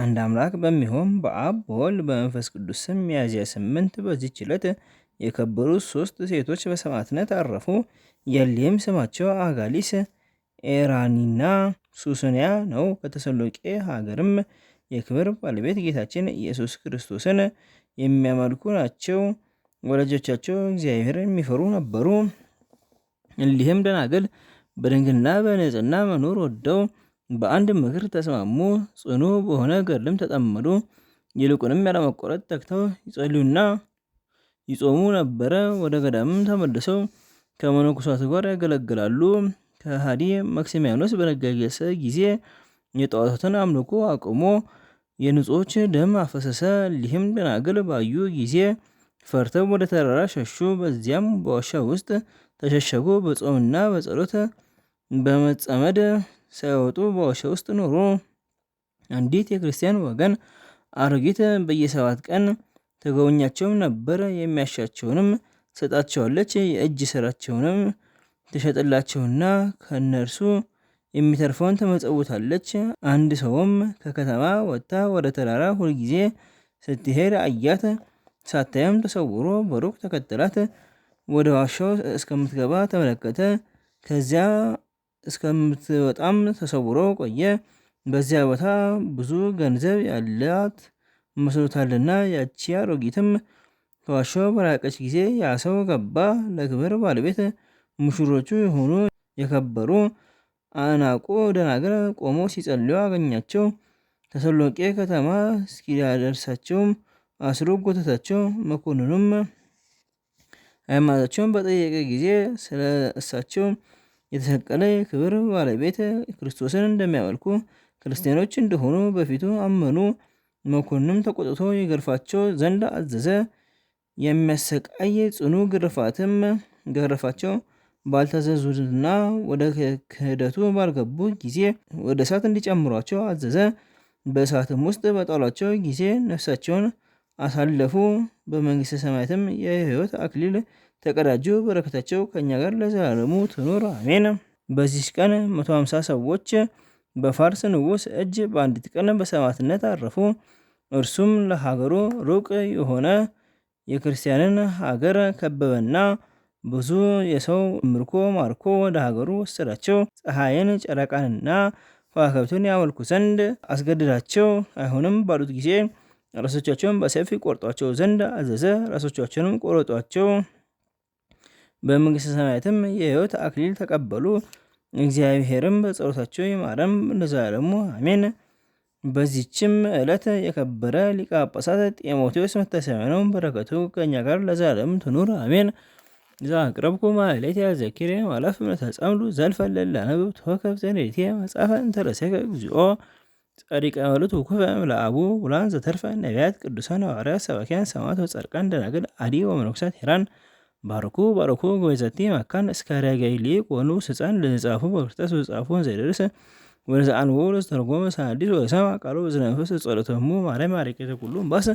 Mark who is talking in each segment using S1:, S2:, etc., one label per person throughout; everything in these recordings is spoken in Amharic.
S1: አንድ አምላክ በሚሆን በአብ በወልድ በመንፈስ ቅዱስ ስም ሚያዝያ ስምንት በዚች ዕለት የከበሩ ሶስት ሴቶች በሰማዕትነት አረፉ። የሊህም ስማቸው አጋሊስ፣ ኤራኒና ሱስንያ ነው። ከተሰሎቄ ሀገርም የክብር ባለቤት ጌታችን ኢየሱስ ክርስቶስን የሚያመልኩ ናቸው። ወላጆቻቸው እግዚአብሔር የሚፈሩ ነበሩ። እሊህም ደናግል በድንግልና በንጽህና መኖር ወደው በአንድ ምክር ተስማሙ፣ ጽኑ በሆነ ገድልም ተጠመዱ። ይልቁንም ያለመቆረጥ ተግተው ይጸልዩና ይጾሙ ነበረ። ወደ ገዳምም ተመልሰው ከመነኮሳቱ ጋር ያገለግላሉ። ከሃዲ መክሲሚያኖስ በነጋገሰ ጊዜ የጣዖታትን አምልኮ አቁሞ የንጹዎች ደም አፈሰሰ። ሊህም ደናግል ባዩ ጊዜ ፈርተው ወደ ተራራ ሸሹ። በዚያም በዋሻ ውስጥ ተሸሸጉ። በጾምና በጸሎት በመጸመድ ሳይወጡ በዋሻ ውስጥ ኖሩ። አንዲት የክርስቲያን ወገን አሮጊት በየሰባት ቀን ተጎበኛቸውም ነበር። የሚያሻቸውንም ሰጣቸዋለች። የእጅ ስራቸውንም ትሸጥላቸውና ከእነርሱ የሚተርፈውን ትመጸውታለች። አንድ ሰውም ከከተማ ወጥታ ወደ ተራራ ሁልጊዜ ስትሄድ አያት። ሳታየም ተሰውሮ በሩቅ ተከተላት። ወደ ዋሻው እስከምትገባ ተመለከተ። ከዚያ እስከምትወጣም ተሰውሮ ቆየ። በዚያ ቦታ ብዙ ገንዘብ ያላት መስሎታልና። ያቺ አሮጊትም ከዋሾ በራቀች ጊዜ ያ ሰው ገባ። ለክብር ባለቤት ሙሽሮቹ የሆኑ የከበሩ አናቁ ደናገር ቆሞ ሲጸልዩ አገኛቸው። ተሰሎቄ ከተማ እስኪያደርሳቸውም አስሮ ጎተታቸው። መኮንኑም ሃይማኖታቸውን በጠየቀ ጊዜ ስለ እሳቸው የተሰቀለ የክብር ባለቤት ክርስቶስን እንደሚያመልኩ ክርስቲያኖች እንደሆኑ በፊቱ አመኑ። መኮንንም ተቆጥቶ የገርፋቸው ዘንድ አዘዘ። የሚያሰቃይ ጽኑ ግርፋትም ገረፋቸው። ባልታዘዙና ወደ ክህደቱ ባልገቡ ጊዜ ወደ እሳት እንዲጨምሯቸው አዘዘ። በእሳትም ውስጥ በጣሏቸው ጊዜ ነፍሳቸውን አሳለፉ። በመንግስት ሰማያትም የሕይወት አክሊል ተቀዳጁ። በረከታቸው ከእኛ ጋር ለዘላለሙ ትኑር አሜን። በዚህ ቀን 150 ሰዎች በፋርስ ንጉሥ እጅ በአንዲት ቀን በሰማዕትነት አረፉ። እርሱም ለሀገሩ ሩቅ የሆነ የክርስቲያንን ሀገር ከበበና ብዙ የሰው ምርኮ ማርኮ ወደ ሀገሩ ወሰዳቸው። ፀሐይን ጨረቃንና ከዋክብትን ያመልኩ ዘንድ አስገድዳቸው። አይሁንም ባሉት ጊዜ ራሶቻቸውን በሰፊ ቆርጧቸው ዘንድ አዘዘ። ራሶቻቸውንም ቆረጧቸው። በመንግሥተ ሰማያትም የህይወት አክሊል ተቀበሉ። እግዚአብሔርም በጸሎታቸው ይማረን ለዘላለሙ አሜን። በዚችም ዕለት የከበረ ሊቀ ጳጳሳት ጢሞቴዎስ መታሰቢያ ነው። በረከቱ ከኛ ጋር ለዛለም ትኑር አሜን። እዛ አቅረብኩ ማሌት ያዘኪር ማለፍ ምነተጸምዱ ዘልፈለላ ነብብ ተወከብ ዘኔቴ መጻፈ እንተረሴከ እግዚኦ ጸሪቀ መሉት ውኩፈ ለአቡ ውላን ዘተርፈ ነቢያት ቅዱሳን ሐዋርያት ሰባኪያን ሰማዕታት ወጻድቃን ደናግል አዲ ወመነኮሳት ሄራን ባርኩ ባርኩ ጎይዘቲ መካን እስካርያገ ይልቅ ወኑ ስፃን ለጻፉ በክርስቶስ ጻፉን ዘይደርስ ወዘአን ወሮስ ተርጎመ ሳዲስ ወሰማ ቃሉ ዝነፈስ ጸሎተሙ ማርያም ማሪቀ ኩሉ ባስ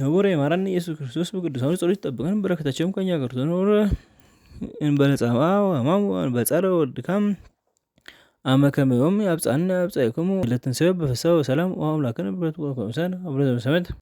S1: የቡሬ ማራን ኢየሱስ ክርስቶስ ብቅዱሳኑ ጸሎት ይጠብቀን። በረከታቸውም ከኛ ጋር ትኖር። እንበለጻማ ወማም በጸረ ወድካም አመከመዮም ያብጻና ያብጻይኩም ለተንሰበ በፈሳው ሰላም ወአምላከን ብረት ወከምሰን አብረዘ ሰመት